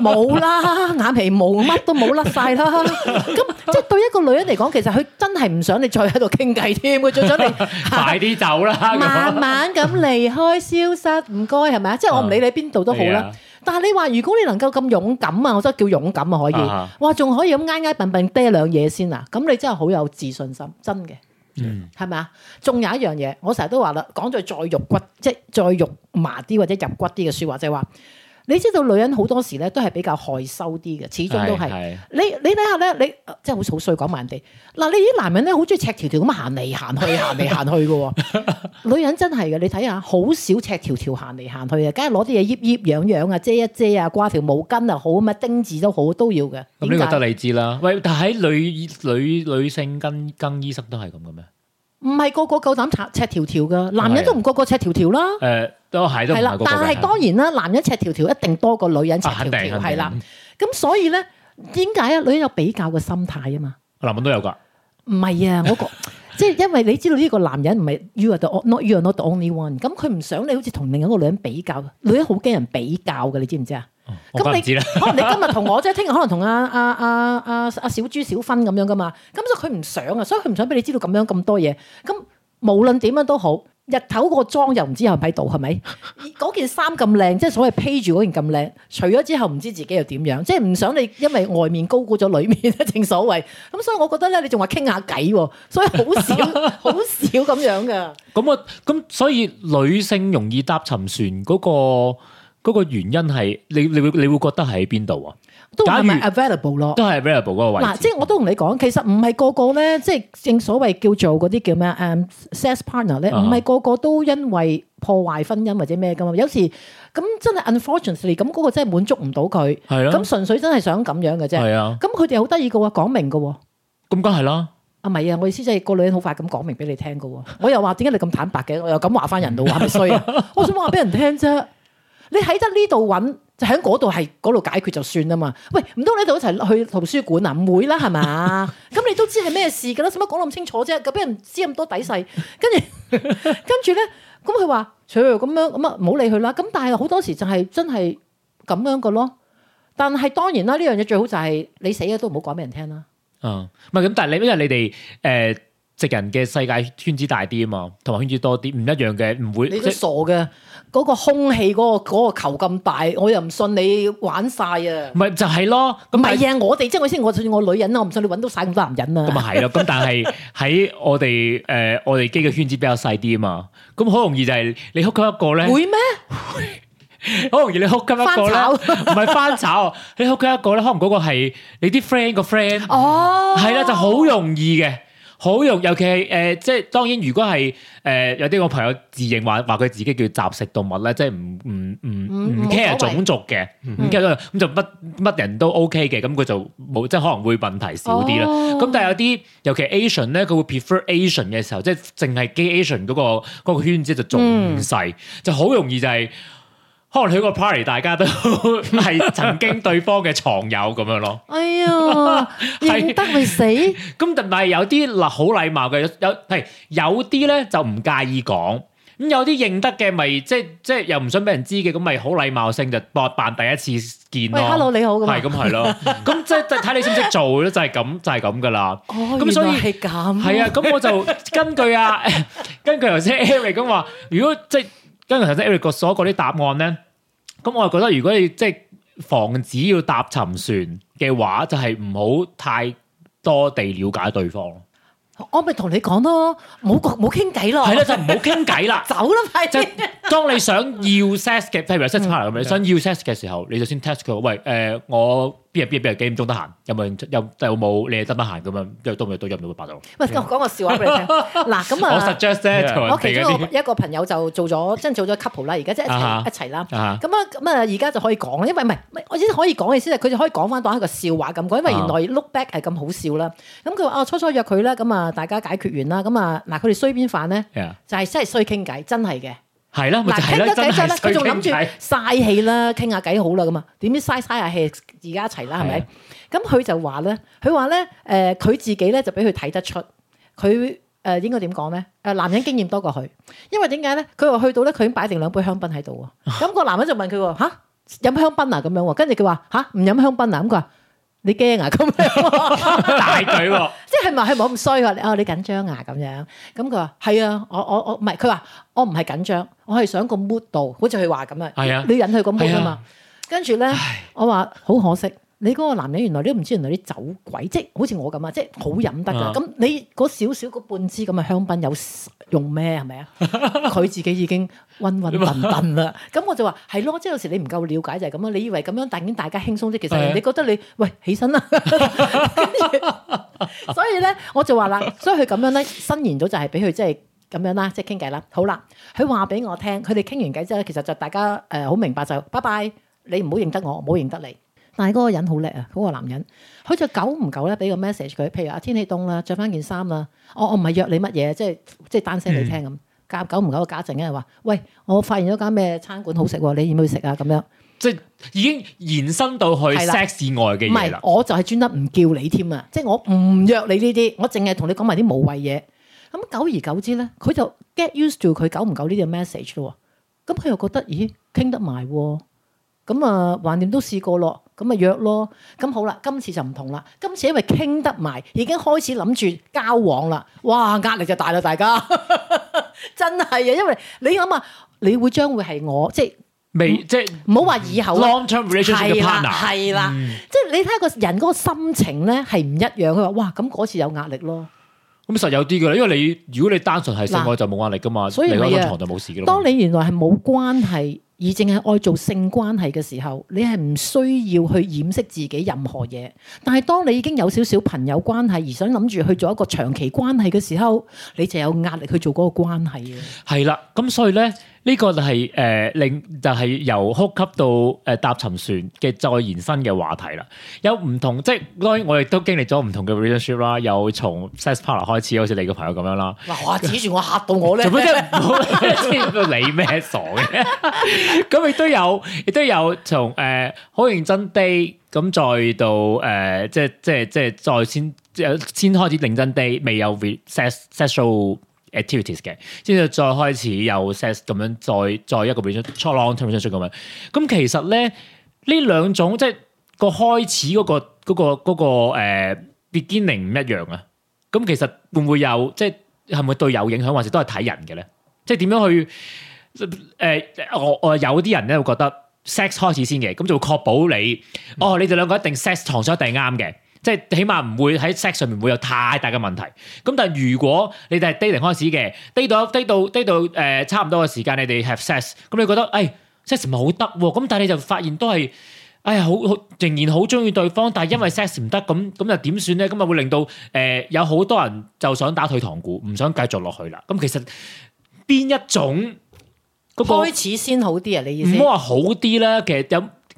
冇啦，眼皮冇乜都冇甩晒啦。咁即係對一個女人嚟講，其實佢真係唔想你再喺度傾偈添。佢仲想你快啲走啦，慢慢咁離開消失。唔該係咪啊？即係我唔理你喺邊度都好啦。但係你話如果你能夠咁勇敢啊，我真叫勇敢啊可以，啊、哈 哇仲可以咁挨挨笨笨掟兩嘢先啊，咁你真係好有自信心，真嘅，係咪啊？仲有一樣嘢，我成日都話啦，講咗再肉骨，即係再肉麻啲或者入骨啲嘅說話，就係、是、話。你知道女人好多時咧都係比較害羞啲嘅，始終都係是是。你你睇下咧，你即係好似好衰講埋人哋。嗱，你啲、啊、男人咧好中意赤條條咁行嚟行去，行嚟行去嘅喎。 女人真係嘅，你睇下，好少赤條條行嚟行去嘅，梗係攞啲嘢掩掩樣樣啊，遮一遮啊，掛條毛巾啊，好咁啊，丁字都好都要嘅。咁呢個得你知啦。喂，但喺女女女性跟更衣室都係咁嘅咩？唔係個個夠膽赤赤條條噶，男人都唔個個赤條條啦。誒，都係都唔個個啦，但係當然啦，男人赤條條一定多過女人赤條條，係、啊、啦。咁所以咧，點解啊？女人有比較嘅心態啊嘛。男人都有噶。唔係啊，我、那、覺、個、 即係因為你知道呢個男人唔係 you are not unique，not only one。咁佢唔想你好似同另一個女人比較。女人好驚人比較嘅，你知唔知啊？咁、嗯、你可能你今日同我即啫，聽日可能同阿阿阿阿阿小朱、小芬咁樣噶嘛。咁所以佢唔想啊，所以佢唔想俾你知道咁樣咁多嘢。咁無論點樣都好，日頭個妝又唔知係唔喺度，係咪？嗰件衫咁靚，即係所謂披住嗰件咁靚，除咗之後唔知自己又點樣，即係唔想你因為外面高估咗裏面啊，正所謂。咁所以我覺得咧，你仲話傾下偈，所以好少 好少咁樣噶。咁啊，咁所以女性容易搭沉船嗰、嗰個。嗰個原因係你你會你會覺得係喺邊度啊？都係咪 available 咯？都係 available 嗰個位置。嗱，即係我都同你講，其實唔係個個咧，即係正所謂叫做嗰啲叫咩誒 sex partner 咧，唔係個個都因為破壞婚姻或者咩噶嘛。有時咁真係 unfortunately 咁嗰個真係滿足唔到佢，係咯。咁純粹真係想咁樣嘅啫。係啊。咁佢哋好得意嘅喎，講明嘅喎。咁梗係啦。啊，唔係啊，我意思即係個女人好快咁講明俾你聽嘅喎。我又話點解你咁坦白嘅？我又咁話翻人度，係咪衰啊？我想話俾人聽啫。你喺得呢度揾，就喺嗰度係嗰度解決就算啦嘛。喂，唔通你哋一齊去圖書館啊？唔會啦，係嘛？咁你都知係咩事噶啦，使乜講咁清楚啫？咁俾人知咁多底細，跟住跟住咧，咁佢話，徐徐咁樣，咁啊唔好理佢啦。咁但係好多時就係真係咁樣噶咯。但係當然啦，呢樣嘢最好就係你死都唔好講俾人聽啦。啊，唔係咁，但係你因為你哋誒，直人嘅世界圈子大啲啊嘛，同埋圈子多啲，唔一樣嘅，唔會你都傻嘅。嗰個空氣嗰個球咁大，我又唔信你玩晒啊！咪就係咯，唔係、就係、啊！我哋即係我先，我算我女人啊，我唔信你揾到晒咁多男人啊！咁咪係咯，咁但係喺我哋誒、呃、我哋基嘅圈子比較細啲啊嘛，咁好容易就係你 hook up 一個咧，會咩嗎？好 容易你 hook up 一個咧，唔係翻，炒 翻炒，你 hook up 一個咧，可能嗰個係你啲 friend 個 friend 哦，係啦，就好容易嘅。好容易，尤其係誒，即、呃、係當然，如果係誒、呃、有啲我朋友自認話話佢自己叫雜食動物咧，即係唔唔唔唔 care 種族嘅，唔 care 咁就乜乜人都 OK 嘅，咁佢就冇即係可能會問題少啲啦。咁、哦、但係有啲尤其 Asian 咧，佢會 prefer Asian 嘅時候，即係淨係 gay Asian 嗰、嗰個嗰個圈子就仲細、嗯嗯，就好容易就係、是。可能佢個 party，大家都係曾經對方嘅藏友咁樣咯。哎呀，認得咪死。咁但係有啲嗱好禮貌嘅有有係有啲咧就唔介意講。咁有啲認得嘅咪即即係又唔想俾人知嘅，咁咪好禮貌性就扮第一次見咯。喂，hello 你好，係咁係咯。咁即即睇你識唔識做咯，就係咁就係咁噶啦。哦，所以係咁。係啊，咁我就根據啊，根據頭先 Eric 咁話，如果即。咁其實 Eric 所講啲答案咧，咁我就覺得如果你即係防止要搭沉船嘅話，就係唔好太多地了解對方。我咪同你講咯，冇冇傾偈咯，係啦， 就唔好傾偈啦， 走啦！即係當你想要 test 嘅譬如 test partner 咁你想要 test 嘅時候，你就先 test 佢。喂，誒、呃、我。邊日邊邊日幾點鐘得閒？有冇有即有冇你得得閒咁樣？因為多唔多約唔到個八組。喂，係，我講個笑話俾你聽。嗱，咁啊，我 suggest 我其中一個朋友就做咗，真係做咗 couple 啦。而家即係一齊一齊啦。咁啊咁啊，而家就可以講，因為唔係唔係，我先可以講嘅先係，佢就可以講翻當係一個笑話咁講，因為原來 look back 係咁好笑啦。咁佢話哦，初、啊、初約佢啦，咁啊大家解決完啦，咁啊嗱，佢哋衰邊飯咧，就係、是、真係衰傾偈，真係嘅。係啦，嗱傾得計就啦，佢仲諗住嘥氣啦，傾下偈好啦咁啊，點知嘥嘥下氣而家一齊啦，係咪？咁佢的就話咧，佢話咧，誒、呃、佢自己咧就俾佢睇得出，佢誒、呃、應該點講咧？誒、呃、男人經驗多過佢，因為點解咧？佢話去到咧，佢已經擺定兩杯香檳喺度喎，咁 個男人就問佢喎，吓？飲香檳啊咁樣喎，跟住佢話吓？唔飲香檳啊，咁佢話。你驚 啊咁樣，大隊喎！即係唔係唔係我咁衰啊？哦，你緊張啊咁樣？咁佢話：係啊，我我我唔係。佢話：我唔係緊張，我係想個 mood 度，好似佢話咁啊。係啊，你引佢個 mood 啊嘛。跟住咧，我話好可惜。你嗰個男人原來你都唔知，原來啲酒鬼即係好似我咁啊，即係好飲得噶。咁、嗯、你嗰少少嗰半支咁嘅香檳有用咩？係咪啊？佢 自己已經暈暈頓頓啦。咁麼我就話係咯，即係有時你唔夠了解就係咁樣。你以為咁樣但大家輕鬆啲，其實你覺得你喂起身啦、 嗯。 所以咧，我就話啦，所以佢咁樣咧，伸延咗就係俾佢即係咁樣啦，即係傾偈啦。好啦，佢話俾我聽，佢哋傾完偈之後，其實就大家誒好、呃、明白就拜拜，你唔好認得我，唔好認得你。但係嗰個人好叻啊！嗰、嗰個男人，佢就久唔久咧俾個 message 佢，譬如啊天氣凍啦，着翻件衫啦。我我唔係約你乜嘢，即係即係單聲你聽咁。隔、嗯、久唔久個假證咧話，喂，我發現咗間咩餐館好食喎，你要唔要食啊？咁樣即係已經延伸到去 sex 以外嘅嘢啦。唔係，我就係專登唔叫你添啊！即係我唔約你呢啲，我淨係同你講埋啲無謂嘢。咁久而久之咧，佢就 get used to 佢久唔久呢啲 message 咯。咁佢又覺得咦傾得埋喎、啊，咁啊橫掂都試過咯。咁咪約咯，咁好啦。今次就唔同啦，今次因為傾得埋，已經開始諗住交往啦。哇，壓力就大啦，大家呵呵真係啊！因為你諗下，你會將會係我即係未即係，唔好話以後 long-term relationship 嘅 partner 係啦，啦，嗯、即係你睇下個人嗰個心情咧係唔一樣。佢話哇，咁嗰次有壓力咯，咁實有啲噶啦。因為你如果你單純係性愛就冇壓力噶嘛，所以你床就冇事嘅。當你原來係冇關係。而淨係愛做性關係嘅時候，你係唔需要去掩飾自己任何嘢。但係當你已經有少少朋友關係，而想諗住去做一個長期關係嘅時候，你就有壓力去做嗰個關係嘅。係啦，咁所以呢。呢個就係誒令就係由哭泣到誒搭沉船嘅再延伸嘅話題啦。有唔同，即係當然我亦都經歷咗唔同嘅 relationship 啦。有從 sex partner 開始，好似你嘅朋友咁樣啦。哇，指住我嚇到我咧！做乜啫？你咩傻嘅？咁亦都有，亦都有從誒好認真啲，咁再到誒、呃、即即即，即再先即係先開始認真啲，未有 recess sexual activities 嘅，之後再開始有 sex 咁樣，再再一個變相 long-term 變相出咁樣。咁其實咧，呢兩種即係個開始嗰、嗰個、嗰、嗰個、beginning、嗰、唔、個呃、一樣啊。咁其實會唔會有，即係係咪對有影響，還是都係睇人嘅咧？即係點樣去誒、呃？我我有啲人咧會覺得 sex 開始先嘅，咁就會確保你，嗯、哦，你哋兩個一定 sex 同床先，一定啱嘅。即係起碼唔會喺 sex 上面會有太大嘅問題，咁但係如果你哋係 dating 開始嘅，dating 到 dating 到 dating 到誒差唔多嘅時間，你哋 have sex，咁你覺得誒 sex 唔係好得，咁但係你就發現都係，哎呀好好仍然好中意對方，但係因為 sex 唔得，咁咁又點算咧？咁啊會令到誒有好多人就想打退堂鼓，唔想繼續落去啦。咁其實邊一種嗰個開始先好啲啊？你意思？唔好話好啲啦，其實有。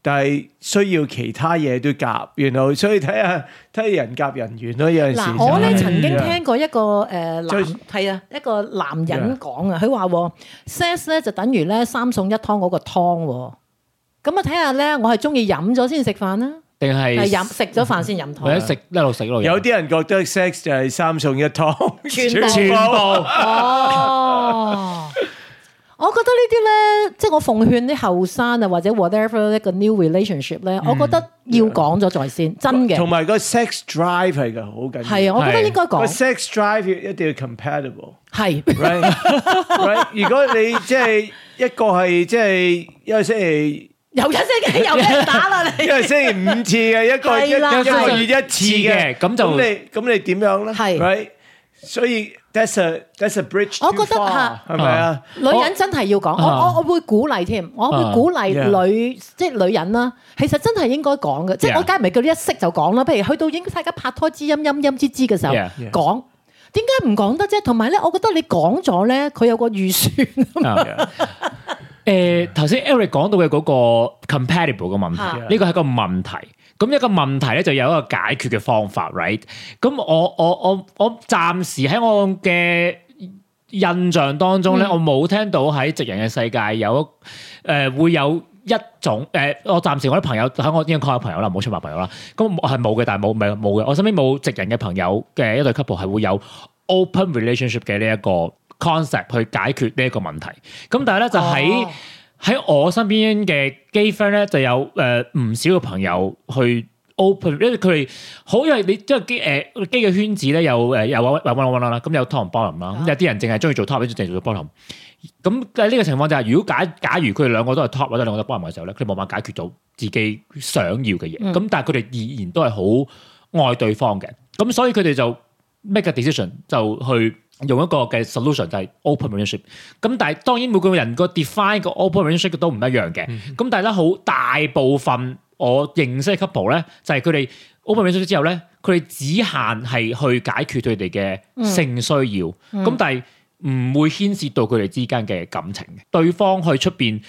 但係需要其他嘢都夾，原來所以睇下睇人夾人緣咯。有陣時，嗱我咧呢是曾經聽過一個誒，係、呃、就啊一個男人講啊，佢話 sex 咧就等於咧三餸一湯嗰個湯喎。咁啊睇下咧，我係中意飲咗先食飯啦，定係飲食咗飯先飲湯？或者食一路食落嚟？嗯、有啲人覺得 sex 就係三餸一湯，全部哦。 我覺得呢啲咧，即係我奉勸啲後生啊，或者 whatever 一個 new relationship 咧，我覺得要講咗在先，真嘅。同埋個 sex drive 係㗎，好緊要。係啊，我覺得應該講。個 sex drive 要一定要 compatible。係。Right？Right？如果你即係一個係即係一個星期，又一個星期又俾人打落嚟，一個星期五次嘅一個一個一個月一次嘅，咁就咁你咁你點樣咧？係。Right？所以 that's a that's a bridge。我覺得吓，係咪啊？女人真係要講，我我我會鼓勵添，我會鼓勵女即係女人啦。其實真係應該講嘅，即係我梗係唔係叫呢一識就講啦。譬如去到應大家拍拖之音、音音之知嘅時候講，點解唔講得啫？同埋咧，我覺得你講咗咧，佢有個預算。誒，頭先 Eric 講到嘅嗰個 compatible 嘅問題，呢個係個問題。咁一個問題咧，就有一個解決嘅方法，right？咁我我我我暫時喺我嘅印象當中咧，我冇聽到喺直人嘅世界有誒會有一種誒，我暫時我啲朋友喺我啲嘅朋友啦，唔好出賣朋友啦。咁我係冇嘅，但係冇咪冇嘅，我身邊冇直人嘅朋友嘅一對 couple 係會有 open relationship 嘅呢一個 concept 去解決呢一個問題。咁但係咧就喺。喺我身邊嘅 gay friend 咧，就有誒唔、呃、少嘅朋友去 open，因為佢哋好因為你即係 gay 嘅圈子咧，有誒又話揾揾啦，咁有，有，有 top bottom 啦，咁有啲人淨係中意做 top，一啲淨做 bottom。咁喺呢個情況就係，如果假假如佢哋兩個都係 top 或者兩個都係 bottom 嘅時候咧，佢冇辦法解決到自己想要嘅嘢。咁、嗯、但係佢哋依然都係好愛對方嘅。咁所以佢哋就 make a decision 就去。用一個嘅 solution 就係、是、open relationship，咁但係當然每個人個 define 個 open relationship 都唔一樣嘅，咁、嗯、但係咧好大部分我認識嘅 couple 咧就係佢哋 open relationship 之後咧，佢哋只限係去解決佢哋嘅性需要，咁、嗯嗯、但係唔會牽涉到佢哋之間嘅感情嘅。對方去出邊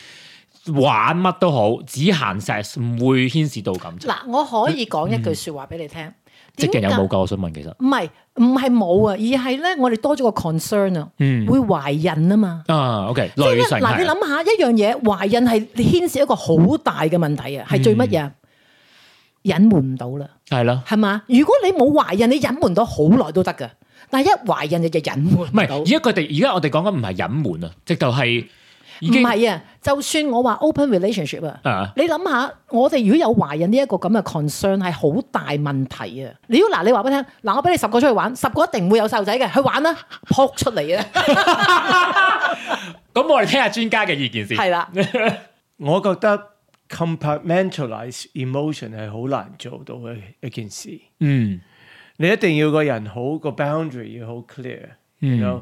玩乜都好，只限 sex，唔會牽涉到感情。嗱，我可以講一句説話俾、嗯、你聽，即係有冇噶？我想問其實唔係。唔係冇啊，而係咧，我哋多咗個 concern 啊，會懷孕啊嘛。啊，OK，嗱，你諗下一樣嘢，懷孕係牽涉一個好大嘅問題啊，係、嗯、最乜嘢？隱瞞唔到啦。係咯的。係嘛？如果你冇懷孕，你隱瞞到好耐都得㗎。但係一懷孕你就隱瞞。唔係，而家佢哋而家我哋講緊唔係隱瞞啊，直頭係。唔係啊，就算我話 open relationship 啊，你諗下，我哋如果有懷孕呢一個咁嘅 concern，係好大問題啊！你要嗱，你話俾你聽，嗱，我俾你十個出去玩，十個一定唔會有細路仔嘅，去玩啦，撲出嚟啊！咁我嚟聽下專家嘅意見先。係啦，我覺得 compartmentalize emotion 係好難做到嘅一件事。嗯，你一定要個人好個 boundary 要好 clear，嗯。You know?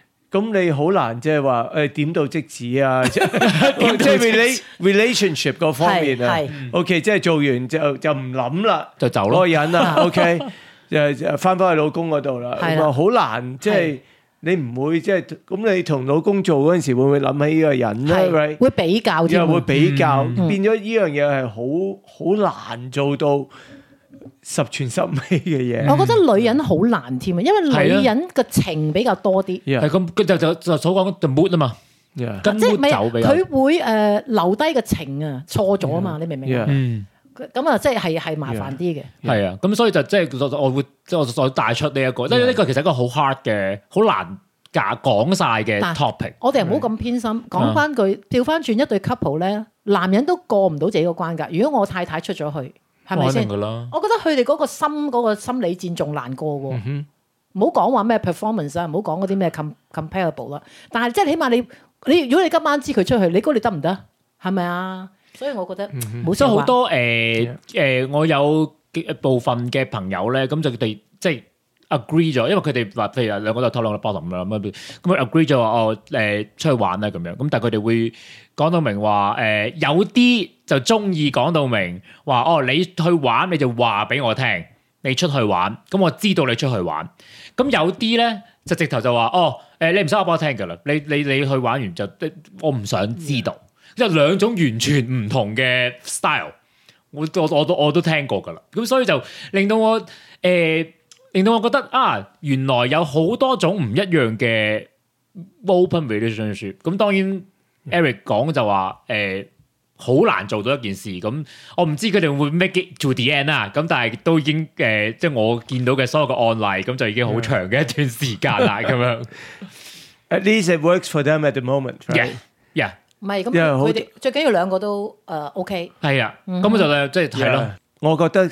咁你好難即係話誒點到即止啊，即係 relationship 嗰方面啊。OK 即係做完就就唔諗啦，就走咯，個人啊。OK 就就翻返去老公嗰度啦。係啦。咁啊好難即係你唔會即係咁你同老公做嗰陣時會唔會諗起呢個人咧？係會比較，又會比較，變咗呢樣嘢係好好難做到。十全十美嘅嘢，我覺得女人好難添啊，因為女人嘅情比較多啲。係咁、啊，就就就所講就 mood 啊嘛，即係走佢會誒、呃、留低個情啊錯咗啊嘛，你明唔明咁啊，即係係係麻煩啲嘅。係啊，咁所以就即係我我會即係再帶出呢、這、一個，因為呢個其實一個好 hard 嘅、好難架講晒嘅 topic。我哋唔好咁偏心，講翻對句，調翻轉一對 couple 咧，嗯、男人都過唔到自己個關噶。如果我太太出咗去。係咪先？是是，我，我覺得佢哋嗰個心、嗰個心理戰仲難過喎。唔好講話咩 performance 啊，唔好講嗰啲咩 comparable 啦，啊。但係即係起碼你你如果你今晚知佢出去，你估你得唔得？係咪啊？所以我覺得冇。嗯、哼即好多誒誒、呃呃，我有部分嘅朋友咧，咁就對即係。agree 咗，因為佢哋話，譬如兩個都係拖兩個 bottom 咁樣咁啊，咁啊 agree 咗話哦誒出去玩啊咁樣，咁但係佢哋會講到明話誒，有啲就中意講到明話哦，你去玩你就話俾我聽，你出去玩咁我知道你出去玩。咁有啲咧就直頭就話哦誒，你唔使話俾我聽㗎啦，你你你去玩完就我唔想知道。即係兩種完全唔同嘅 style，我我我都我都聽過㗎啦。咁所以就令到我誒。令到我覺得啊，原來有好多種唔一樣嘅 open relationship。咁當然 Eric 講就話誒，好難做到一件事。咁我唔知佢哋會 make it to the end 啦。咁但係都已經誒，即係我見到嘅所有嘅案例，咁就已經好長嘅一段時間啦。咁樣 at least it works for them at the moment。Yeah，唔係咁，佢哋最緊要兩個都誒 OK。係啊，咁就即係係咯，我覺得。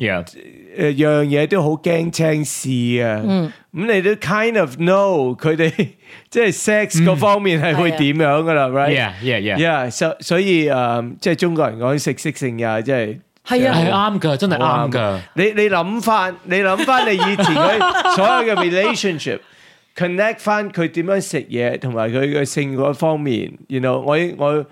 誒樣樣嘢都好驚青事啊！咁你都 kind of know 佢哋即係 sex 嗰方面係會點樣噶啦？Right？Yeah，yeah，yeah。Yeah，所所以誒，即係中國人講食色性也，即係係啊係啱噶，真係啱噶。你你諗翻，你諗翻你以前佢所有嘅 relationship connect 翻佢點樣食嘢同埋佢嘅性嗰方面，you know，我我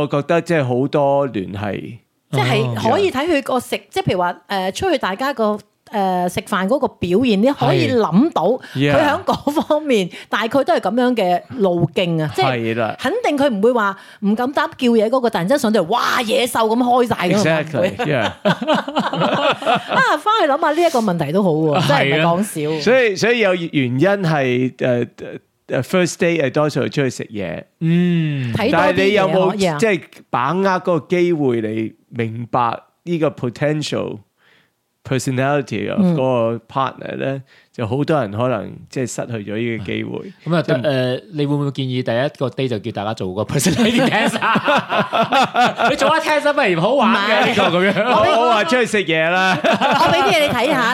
我覺得即係好多聯繫。即係可以睇佢個食，oh, yeah. 即係譬如話誒出去大家個誒、呃、食飯嗰個表現咧，可以諗到佢喺嗰方面大概都係咁樣嘅路徑啊！即係肯定佢唔會話唔敢膽叫嘢嗰個，突然之間上到哇野獸咁開曬啊！翻去諗下呢一個問題都好喎，真係唔係講笑。Yeah. 所以所以有原因係誒。Uh, First day，誒多數出去食嘢，嗯，但係你有冇即係把握嗰個機會，你明白呢個 potential personality 嗰個 partner 咧？就好多人可能即係失去咗呢個機會。咁啊，誒，你會唔會建議第一個 day 就叫大家做個 personality test？你做下 test 咪唔好玩嘅呢個咁樣？我話出去食嘢啦，我俾啲嘢你睇下。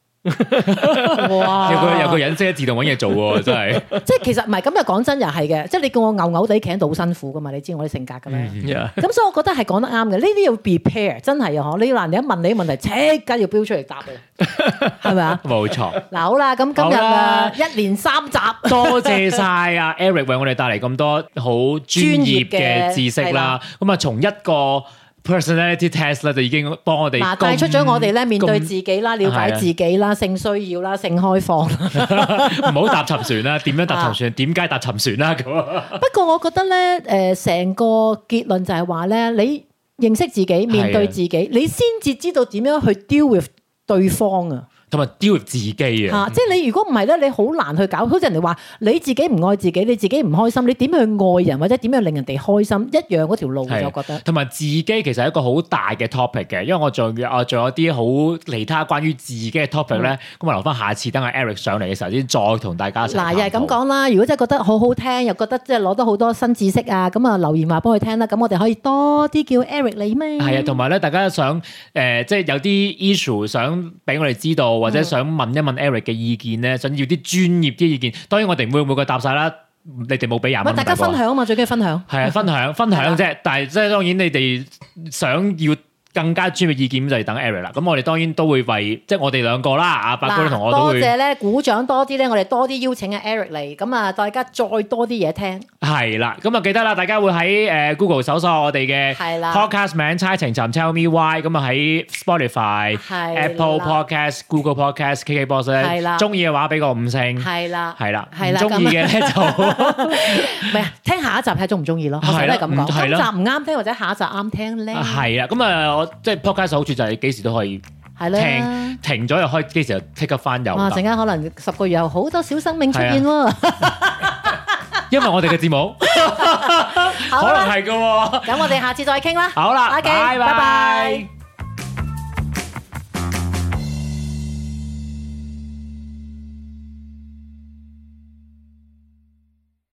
哇！有個有個人即係自動揾嘢做喎，真係。即係其實唔係咁，又講真又係嘅。即係你叫我拗拗地企喺度好辛苦噶嘛？你知我啲性格嘅咩？咁所以我覺得係講得啱嘅。呢啲要 prepare，真係啊！嗬，你要嗱，你一問你嘅問題，即刻要標出嚟答你，係咪啊？冇錯。嗱，好啦，咁今日啊，一連三集，多謝晒阿 Eric 為我哋帶嚟咁多好專業嘅知識啦。咁啊，從一個。Personality test 咧就已經幫我哋帶出咗我哋咧面對自己啦、攻了解自己啦、的性需要啦、性開放。唔 好 搭沉船啦，點樣搭沉船？點解的搭沉船啦？咁 不過我覺得咧，誒，成個結論就係話咧，你認識自己、面對自己，的你先至知道點樣去 deal with 對方啊。同埋丟自己啊！嚇，即係你如果唔係咧，嗯、你好難去搞。好似人哋話你自己唔愛自己，你自己唔開心，你點去愛人或者點樣令人哋開心一樣嗰條路。係的，我覺得同埋自己其實係一個好大嘅 topic 嘅，因為我仲要啊，仲有啲好其他關於自己嘅 topic 咧，咁啊、嗯、留翻下，下次等阿 Eric 上嚟嘅時候先再同大家。嗱、啊，又係咁講啦。如果真係覺得好好聽，又覺得即係攞得好多新知識啊，咁啊留言話幫佢聽啦。咁我哋可以多啲叫 Eric 你咩？係啊，同埋咧，大家想誒、呃，即係有啲 issue 想俾我哋知道。或者想問一問 Eric 嘅意見呢，想要啲專業嘅意見。當然我哋唔會每個答曬啦，你哋冇俾廿蚊。咪大家分享啊嘛，最緊要是分享。係啊， 分享分享啫。是的但係即，當然你哋想要。更加專業意見就係等 Eric 啦。咁我哋當然都會為，即係我哋兩個啦。阿伯哥同我多謝咧鼓掌多啲咧，我哋多啲邀請阿 Eric 嚟。咁啊，大家再多啲嘢聽。係啦。咁啊，記得啦，大家會喺誒 Google 搜索我哋嘅 Podcast 名猜情尋 Tell Me Why。咁啊喺 Spotify、Apple Podcast、Google Podcast、KKBox 咧。係啦。中意嘅話俾個五星。係啦。係啦。係啦。唔中意嘅咧就唔係啊，聽下一集睇中唔中意咯。係都咁講。下一集唔啱聽或者下一集啱聽咧。係啊。咁啊。即係 podcast 好處就係幾時都可以，停停咗又開，幾時又 take up 翻又。哇，陣間可能十個月後好多小生命出現喎，因為我哋嘅節目，可能係噶。咁我哋下次再傾啦。好啦，拜拜拜拜。